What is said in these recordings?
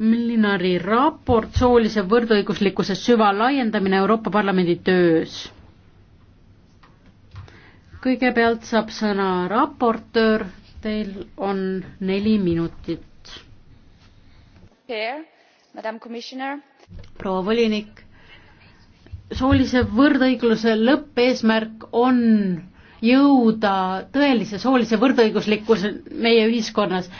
Millinari raport soolise võrdõiguslikkuse süvalaiendamine Euroopa Parlamendi töös. kõigepealt saab sõna raportöör, teil on neli minutit. proua volinik, soolise võrdõigluse lõppeesmärk on jõuda tõelise soolise võrdõiguslikkuse meie ühiskonnas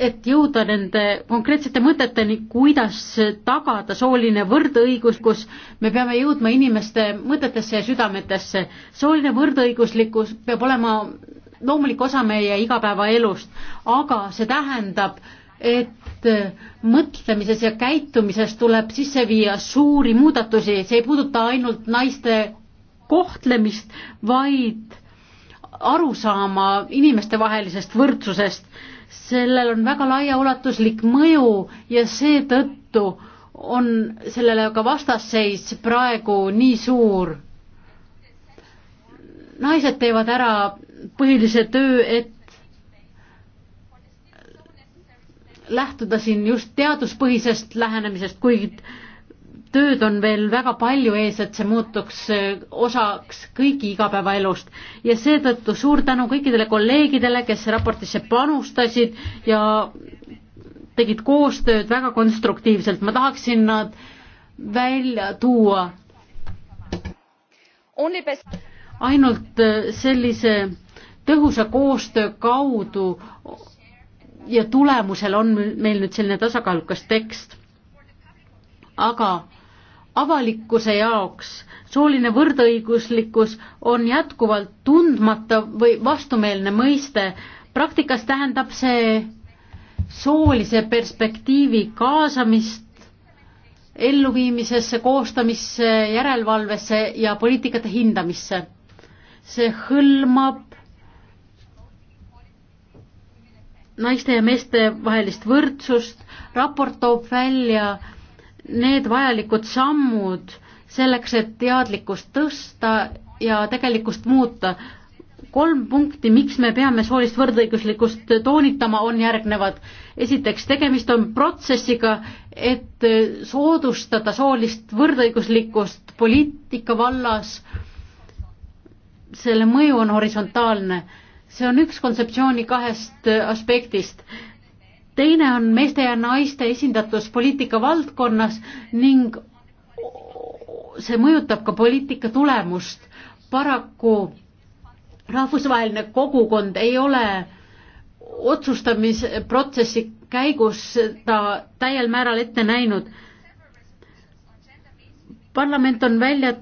et jõuda nende konkreetsete mõteteni, kuidas tagada sooline võrdõiguslikkus, me peame jõudma inimeste mõtetesse ja südametesse. sooline võrdõiguslikkus peab olema loomulik osa meie igapäevaelust, aga see tähendab, et mõtlemises ja käitumises tuleb sisse viia suuri muudatusi, see ei puuduta ainult naiste kohtlemist, vaid arusaama inimestevahelisest võrdsusest sellel on väga laiaulatuslik mõju ja seetõttu on sellele ka vastasseis praegu nii suur. naised teevad ära põhilise töö, et lähtuda siin just teaduspõhisest lähenemisest, kuid tööd on veel väga palju ees, et see muutuks äh, osaks kõigi igapäevaelust ja seetõttu suur tänu kõikidele kolleegidele, kes raportisse panustasid ja tegid koostööd väga konstruktiivselt, ma tahaksin nad välja tuua. ainult äh, sellise tõhusa koostöö kaudu ja tulemusel on meil nüüd selline tasakaalukas tekst. aga avalikkuse jaoks sooline võrdõiguslikkus on jätkuvalt tundmata või vastumeelne mõiste. praktikas tähendab see soolise perspektiivi kaasamist elluviimisesse, koostamisse, järelevalvesse ja poliitikate hindamisse. see hõlmab naiste ja meeste vahelist võrdsust, raport toob välja need vajalikud sammud selleks, et teadlikkust tõsta ja tegelikkust muuta. kolm punkti, miks me peame soolist võrdõiguslikkust toonitama, on järgnevad. esiteks, tegemist on protsessiga, et soodustada soolist võrdõiguslikkust poliitika vallas. selle mõju on horisontaalne. see on üks kontseptsiooni kahest aspektist teine on meeste ja naiste esindatus poliitika valdkonnas ning see mõjutab ka poliitika tulemust. paraku rahvusvaheline kogukond ei ole otsustamisprotsessi käigus ta täiel määral ette näinud. parlament on välja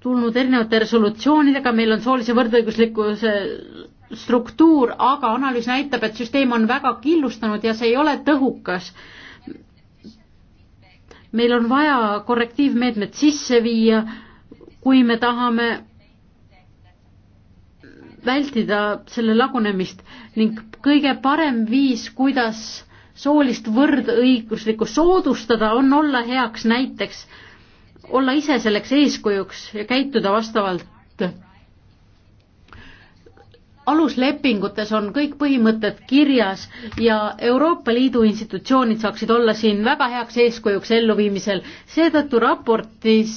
tulnud erinevate resolutsioonidega, meil on soolise võrdõiguslikkuse struktuur, aga analüüs näitab, et süsteem on väga killustunud ja see ei ole tõhukas. meil on vaja korrektiivmeetmed sisse viia, kui me tahame vältida selle lagunemist ning kõige parem viis, kuidas soolist võrdõiguslikkust soodustada, on olla heaks näiteks, olla ise selleks eeskujuks ja käituda vastavalt aluslepingutes on kõik põhimõtted kirjas ja Euroopa Liidu institutsioonid saaksid olla siin väga heaks eeskujuks elluviimisel, seetõttu raportis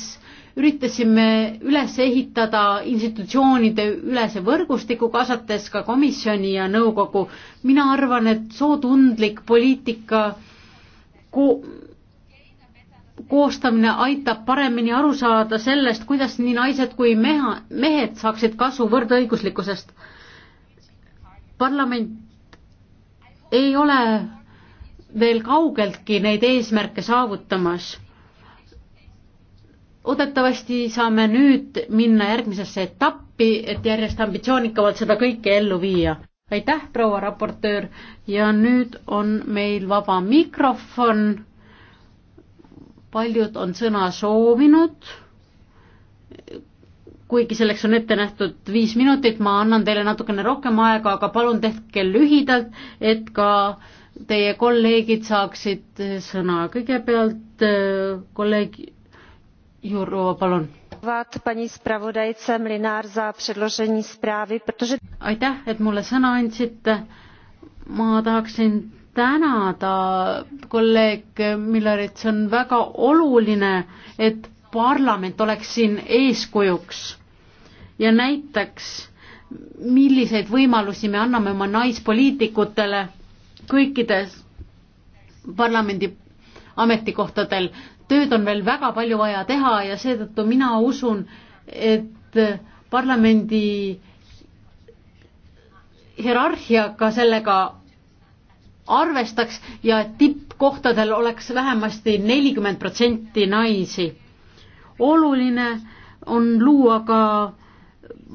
üritasime üles ehitada institutsioonide ülese võrgustiku, kaasates ka komisjoni ja nõukogu. mina arvan, et sootundlik poliitika ko koostamine aitab paremini aru saada sellest, kuidas nii naised kui meha, mehed saaksid kasu võrdõiguslikkusest parlament ei ole veel kaugeltki neid eesmärke saavutamas. loodetavasti saame nüüd minna järgmisesse etappi, et järjest ambitsioonikamalt seda kõike ellu viia. aitäh, proua raportöör ja nüüd on meil vaba mikrofon. paljud on sõna soovinud kuigi selleks on ette nähtud viis minutit, ma annan teile natukene rohkem aega, aga palun tehke lühidalt, et ka teie kolleegid saaksid sõna. kõigepealt äh, kolleeg Jurova, palun. aitäh, et mulle sõna andsite. ma tahaksin tänada kolleeg Millerit, see on väga oluline, et parlament oleks siin eeskujuks ja näitaks, milliseid võimalusi me anname oma naispoliitikutele kõikides parlamendi ametikohtadel. tööd on veel väga palju vaja teha ja seetõttu mina usun, et parlamendi hierarhiaga sellega arvestaks ja tippkohtadel oleks vähemasti nelikümmend protsenti naisi. oluline on luua ka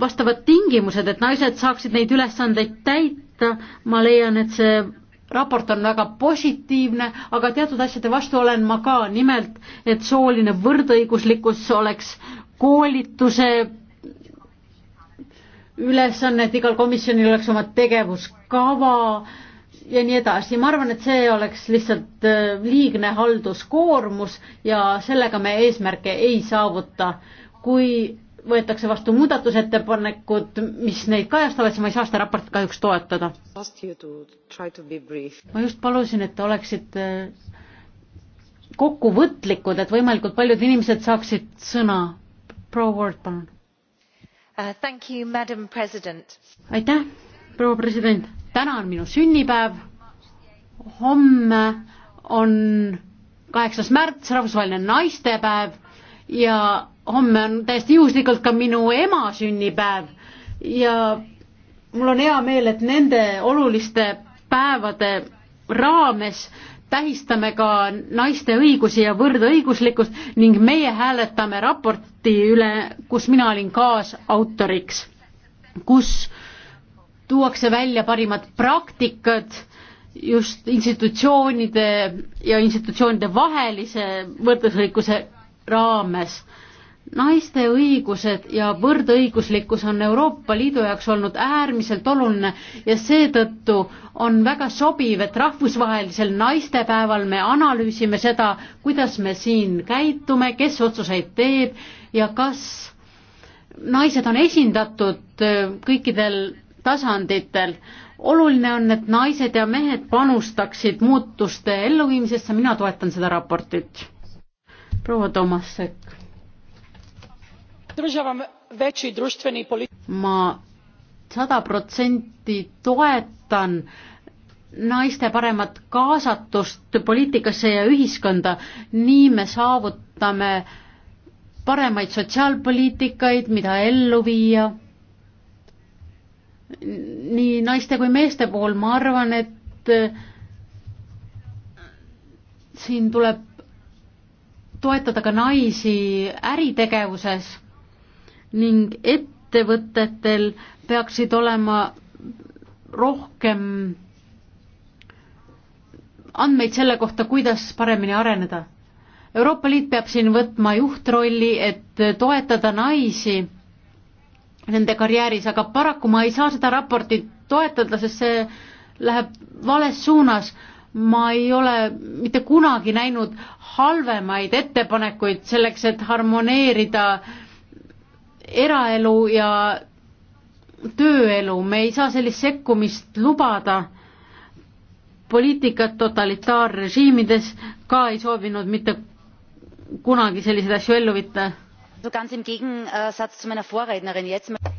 vastavad tingimused, et naised saaksid neid ülesandeid täita, ma leian, et see raport on väga positiivne, aga teatud asjade vastu olen ma ka, nimelt et sooline võrdõiguslikkus oleks koolituse ülesanne, et igal komisjonil oleks oma tegevuskava ja nii edasi, ma arvan, et see oleks lihtsalt äh, liigne halduskoormus ja sellega me eesmärke ei saavuta. kui võetakse vastu muudatusettepanekud, mis neid kajastavad, siis ma ei saa seda raportit kahjuks toetada. ma just palusin, et te oleksite kokkuvõtlikud, et võimalikult paljud inimesed saaksid sõna. proua Ward, palun uh,. aitäh, proua president, täna on minu sünnipäev, homme on kaheksas märts, rahvusvaheline naistepäev ja homme on täiesti juhuslikult ka minu ema sünnipäev ja mul on hea meel, et nende oluliste päevade raames tähistame ka naiste õigusi ja võrdõiguslikkust ning meie hääletame raporti üle, kus mina olin kaasautoriks, kus tuuakse välja parimad praktikad just institutsioonide ja institutsioonide vahelise võrdõiguslikkuse raames naiste õigused ja võrdõiguslikkus on Euroopa Liidu jaoks olnud äärmiselt oluline ja seetõttu on väga sobiv, et rahvusvahelisel naistepäeval me analüüsime seda, kuidas me siin käitume, kes otsuseid teeb ja kas naised on esindatud äh, kõikidel tasanditel. oluline on, et naised ja mehed panustaksid muutuste elluviimisesse, mina toetan seda raportit. proua Tomasek ma sada protsenti toetan naiste paremat kaasatust poliitikasse ja ühiskonda, nii me saavutame paremaid sotsiaalpoliitikaid, mida ellu viia. nii naiste kui meeste puhul ma arvan, et äh, siin tuleb toetada ka naisi äritegevuses ning ettevõtetel peaksid olema rohkem andmeid selle kohta, kuidas paremini areneda. Euroopa Liit peab siin võtma juhtrolli, et toetada naisi nende karjääris, aga paraku ma ei saa seda raportit toetada, sest see läheb vales suunas. ma ei ole mitte kunagi näinud halvemaid ettepanekuid selleks, et harmoneerida äh, eraelu ja tööelu, me ei saa sellist sekkumist lubada. poliitikat totalitaarrežiimides ka ei soovinud mitte kunagi selliseid asju ellu viita.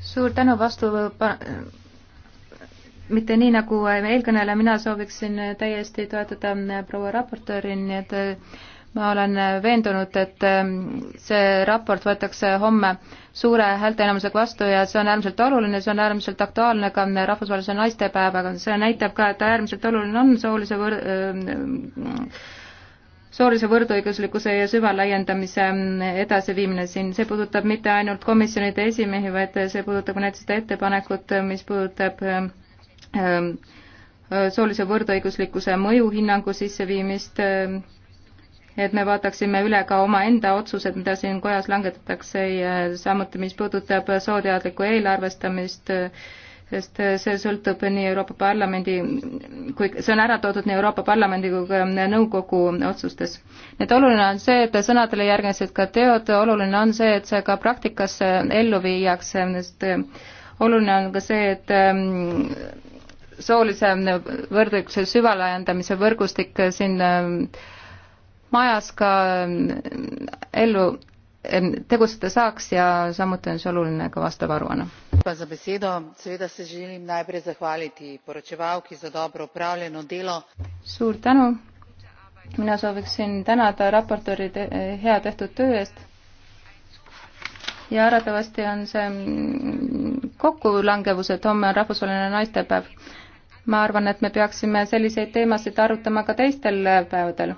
suur tänu vastu mitte nii, nagu eelkõneleja, mina sooviksin täiesti toetada äh, proua raportööri, nii et äh, ma olen veendunud, et ähm, see raport võetakse homme suure häälteenamusega vastu ja see on äärmiselt oluline, see on äärmiselt aktuaalne ka rahvusvahelise naistepäevaga, see näitab ka, et äärmiselt oluline on soolise võr-, ähm, soolise võrdõiguslikkuse ja süvalaiendamise ähm, edasiviimine siin, see puudutab mitte ainult komisjonide esimehi, vaid see puudutab ka näiteks seda ettepanekut, mis puudutab soolise võrdõiguslikkuse mõjuhinnangu sisseviimist et me vaataksime üle ka omaenda otsused, mida siin kojas langetatakse ja samuti, mis puudutab sooteadlikku eelarvestamist, sest see sõltub nii Euroopa Parlamendi, kui see on ära toodud nii Euroopa Parlamendi kui ka nõukogu otsustes. nii et oluline on see, et sõnadele järgnesid ka teod, oluline on see, et see ka praktikasse ellu viiakse, sest oluline on ka see, et ähm, soolise võrdõiguse süvalaiendamise võrgustik siin ähm, majas ka mm, ellu mm, tegutseda saaks ja samuti on see oluline ka vastav aruanne. seveda se želim najprej zahvaliti poročevalki za dobro opravljeno delo. suur tänu. mina sooviksin tänada raportööri te hea tehtud töö eest. ja arvatavasti on see mm, kokkulangevus, et homme on rahvusvaheline naistepäev. ma arvan, et me peaksime selliseid teemasid arutama ka teistel päevadel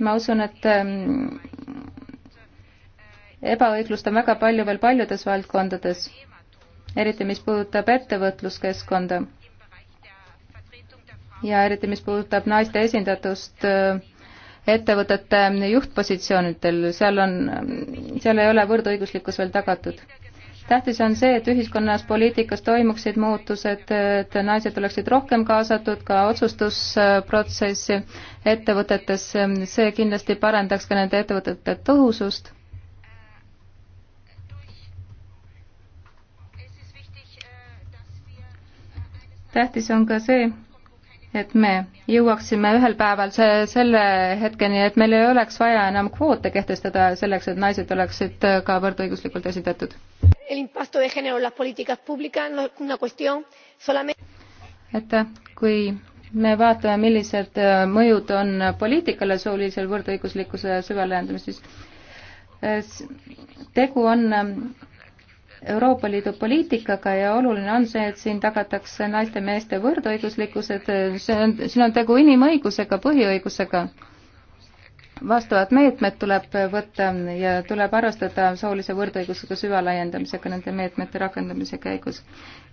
ma usun, et ähm, ebaõiglust on väga palju veel paljudes valdkondades, eriti mis puudutab ettevõtluskeskkonda ja eriti mis puudutab naiste esindatust äh, ettevõtete juhtpositsioonidel, seal on, seal ei ole võrdõiguslikkus veel tagatud tähtis on see, et ühiskonnas, poliitikas toimuksid muutused, et naised oleksid rohkem kaasatud ka otsustusprotsessi ettevõtetes, see kindlasti parandaks ka nende ettevõtete tõhusust. tähtis on ka see, et me jõuaksime ühel päeval see, selle hetkeni, et meil ei oleks vaja enam kvoote kehtestada selleks, et naised oleksid ka võrdõiguslikult esindatud el impacto de género en las políticas públicas no es una cuestión solamente. et kui me vaatame, millised äh, mõjud on äh, poliitikale soolisel võrdõiguslikkuse süvalaiendamises, siis äh, tegu on ähm, Euroopa Liidu poliitikaga ja oluline on see, et siin tagatakse naiste-meeste võrdõiguslikkused, see on, siin on tegu inimõigusega, põhiõigusega vastavad meetmed tuleb võtta ja tuleb arvestada soolise võrdõigusega süvalaiendamisega nende meetmete rakendamise käigus.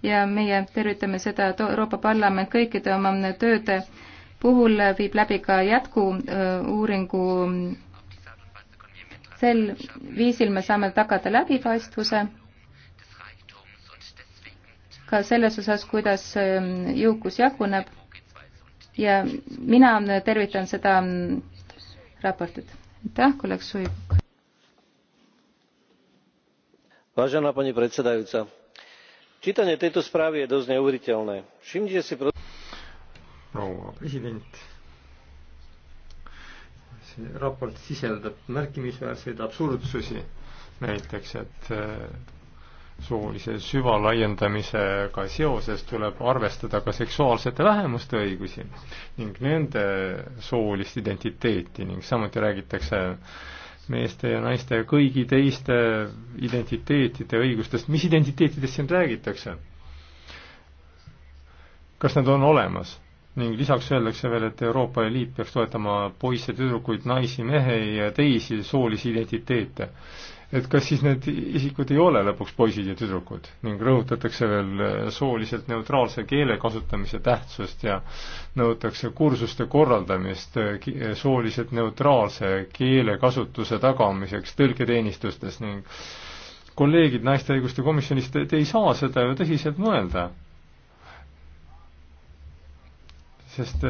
ja meie tervitame seda, et Euroopa Parlament kõikide oma tööde puhul viib läbi ka jätku-uuringu äh, sel viisil me saame tagada läbipaistvuse ka selles osas, kuidas äh, jõukus jaguneb ja mina tervitan seda raportit. aitäh, kolleeg Suivik. vážená pani predsedajúca čítanie tejto správy je dosť neuveriteľné. všimnite si proua president see raport sisaldab märkimisväärseid absurdsusi näiteks et soolise süvalaiendamisega seoses tuleb arvestada ka seksuaalsete vähemuste õigusi ning nende soolist identiteeti ning samuti räägitakse meeste ja naiste ja kõigi teiste identiteetide õigustest. mis identiteetidest siin räägitakse? kas nad on olemas? ning lisaks öeldakse veel, et Euroopa Liit peaks toetama poisse, tüdrukuid, naisi, mehe ja teisi soolisi identiteete et kas siis need isikud ei ole lõpuks poisid ja tüdrukud ning rõhutatakse veel äh, sooliselt neutraalse keele kasutamise tähtsust ja nõutakse kursuste korraldamist äh, äh, sooliselt neutraalse keelekasutuse tagamiseks tõlketeenistustes ning kolleegid Naiste Õiguste Komisjonist, te ei saa seda ju tõsiselt mõelda. sest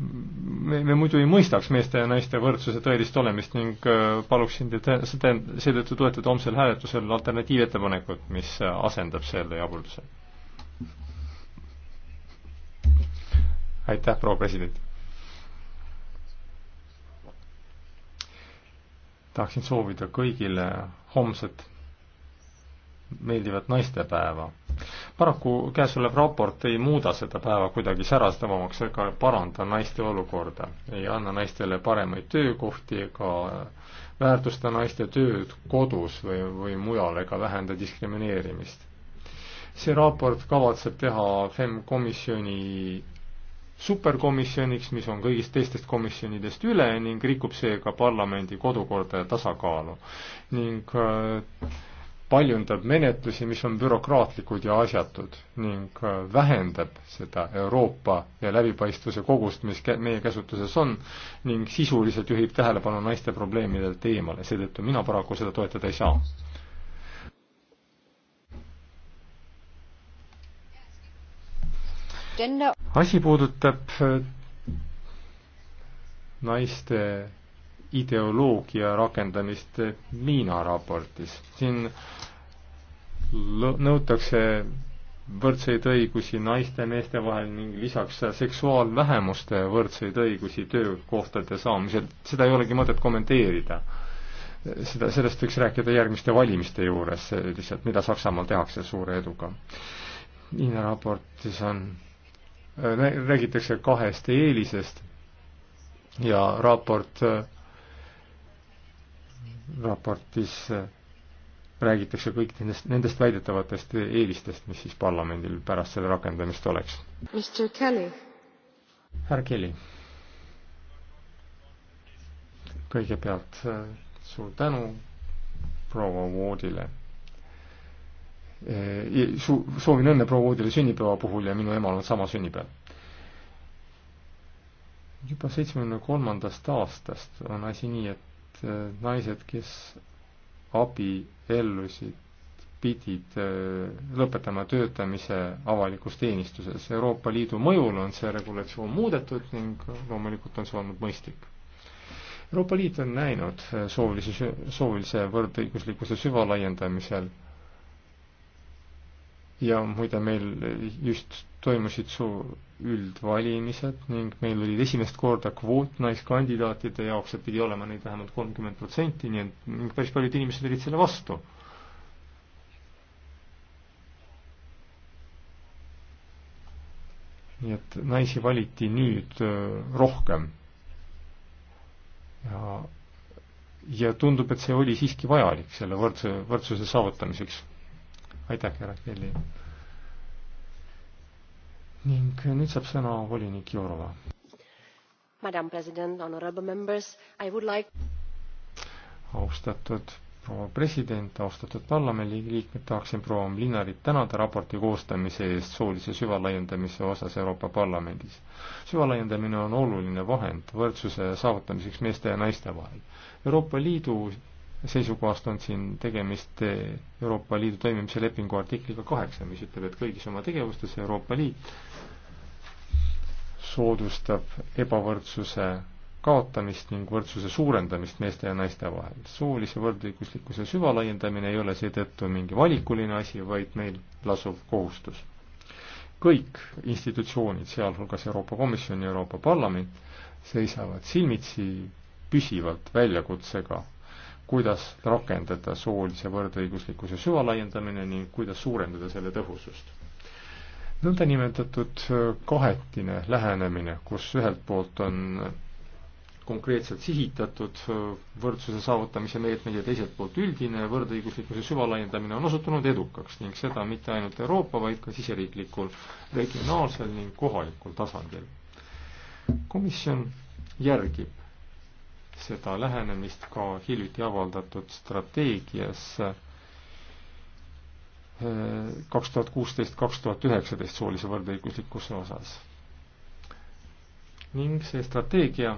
me, me muidu ei mõistaks meeste ja naiste võrdsuse tõelist olemist ning äh, paluksin teid seetõttu toetada homsel hääletusel alternatiivettepanekut, mis äh, asendab selle jabulduse. aitäh, proua president. tahaksin soovida kõigile homset meeldivat naistepäeva paraku käesolev raport ei muuda seda päeva kuidagi särastavamaks ega paranda naiste olukorda. ei anna naistele paremaid töökohti ega väärtusta naiste tööd kodus või, või mujal ega vähenda diskrimineerimist. see raport kavatseb teha FEM komisjoni superkomisjoniks, mis on kõigist teistest komisjonidest üle ning rikub seega parlamendi kodukorda ja tasakaalu. ning äh, paljundab menetlusi, mis on bürokraatlikud ja asjatud ning äh, vähendab seda Euroopa ja läbipaistvuse kogust, mis meie käsutuses on, ning sisuliselt juhib tähelepanu naiste probleemidelt eemale, seetõttu mina paraku seda toetada ei saa. asi puudutab äh, naiste ideoloogia rakendamist Liina raportis. siin nõutakse võrdseid õigusi naiste ja meeste vahel ning lisaks seksuaalvähemuste võrdseid õigusi töökohtade saamisel, seda ei olegi mõtet kommenteerida. seda, sellest võiks rääkida järgmiste valimiste juures lihtsalt, mida Saksamaal tehakse suure eduga. Liina raportis on, räägitakse kahest eelisest ja raport äh, raportis äh, räägitakse kõik nendest, nendest väidetavatest eelistest, mis siis parlamendil pärast selle rakendamist oleks. härra Kelly. kõigepealt äh, suur tänu proua Woodile äh, su-, soovin õnne proua Uudile sünnipäeva puhul ja minu emal on sama sünnipäev. juba seitsmekümne kolmandast aastast on asi nii, et Äh, naised, kes abiellusid, pidid äh, lõpetama töötamise avalikus teenistuses. Euroopa Liidu mõjul on see regulatsioon muudetud ning loomulikult on see olnud mõistlik. Euroopa Liit on näinud äh, soolise, soolise võrdõiguslikkuse süvalaiendamisel ja muide, meil just toimusid su-, üldvalimised ning meil olid esimest korda kvoot naiskandidaatide jaoks, et pidi olema neid vähemalt kolmkümmend protsenti, nii et ning päris paljud inimesed olid selle vastu. nii et naisi valiti nüüd äh, rohkem. ja, ja tundub, et see oli siiski vajalik selle võrdse, võrdsuse saavutamiseks aitäh, härra Kelly. ning nüüd saab sõna volinik Jourova. Madam President, honorable members, I would like austatud proua president, austatud parlamendiliikmed, tahaksin proua Linarit tänada raporti koostamise eest soolise süvalaiendamise osas Euroopa Parlamendis. süvalaiendamine on oluline vahend võrdsuse saavutamiseks meeste ja naiste vahel. Euroopa Liidu seisukohast on siin tegemist Euroopa Liidu toimimise lepingu artikliga kaheksa, mis ütleb, et kõigis oma tegevustes Euroopa Liit soodustab ebavõrdsuse kaotamist ning võrdsuse suurendamist meeste ja naiste vahel. soolise võrdõiguslikkuse süvalaiendamine ei ole seetõttu mingi valikuline asi, vaid meil lasuv kohustus. kõik institutsioonid, sealhulgas Euroopa Komisjon ja Euroopa Parlament, seisavad silmitsi püsivalt väljakutsega kuidas rakendada soolise võrdõiguslikkuse süvalaiendamine ning kuidas suurendada selle tõhusust. nõndanimetatud äh, kahetine lähenemine, kus ühelt poolt on konkreetselt sihitatud äh, võrdsuse saavutamise meetmed ja teiselt poolt üldine võrdõiguslikkuse süvalaiendamine on osutunud edukaks ning seda mitte ainult Euroopa, vaid ka siseriiklikul, regionaalsel ning kohalikul tasandil. komisjon järgib seda lähenemist ka hiljuti avaldatud strateegias eh, kaks tuhat kuusteist, kaks tuhat üheksateist soolise võrdõiguslikkuse osas. ning see strateegia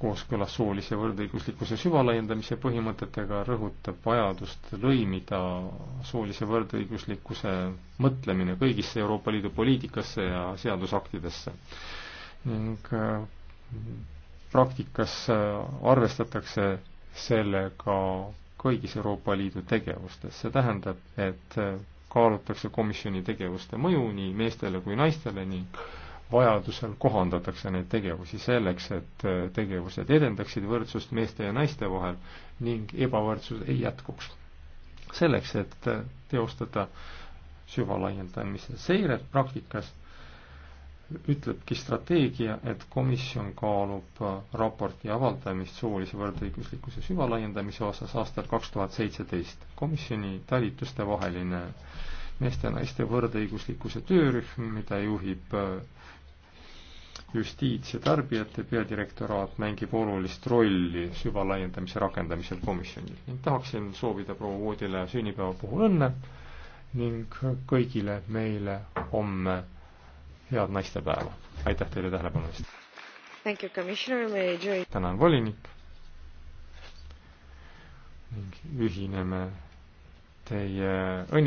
kooskõlas soolise võrdõiguslikkuse süvalaiendamise põhimõtetega rõhutab vajadust lõimida soolise võrdõiguslikkuse mõtlemine kõigisse Euroopa Liidu poliitikasse ja seadusaktidesse ning eh, praktikas äh, arvestatakse sellega kõigis Euroopa Liidu tegevustes, see tähendab, et äh, kaalutakse komisjoni tegevuste mõju nii meestele kui naistele ning vajadusel kohandatakse neid tegevusi selleks, et äh, tegevused edendaksid võrdsust meeste ja naiste vahel ning ebavõrdsus ei jätkuks. selleks, et teostada süvalaiendamise seiret praktikas, ütlebki strateegia, et komisjon kaalub äh, raporti avaldamist soolise võrdõiguslikkuse süvalaiendamise osas aastal kaks tuhat seitseteist. komisjoni talituste vaheline meeste ja naiste võrdõiguslikkuse töörühm, mida juhib äh, justiits- ja tarbijate peadirektoraat, mängib olulist rolli süvalaiendamise rakendamisel komisjonil ning tahaksin soovida proua Voodile sünnipäeva puhul õnne ning kõigile meile homme head naistepäeva. aitäh teile tähelepanu eest. tänan, volinik. ning ühineme teie õnni-.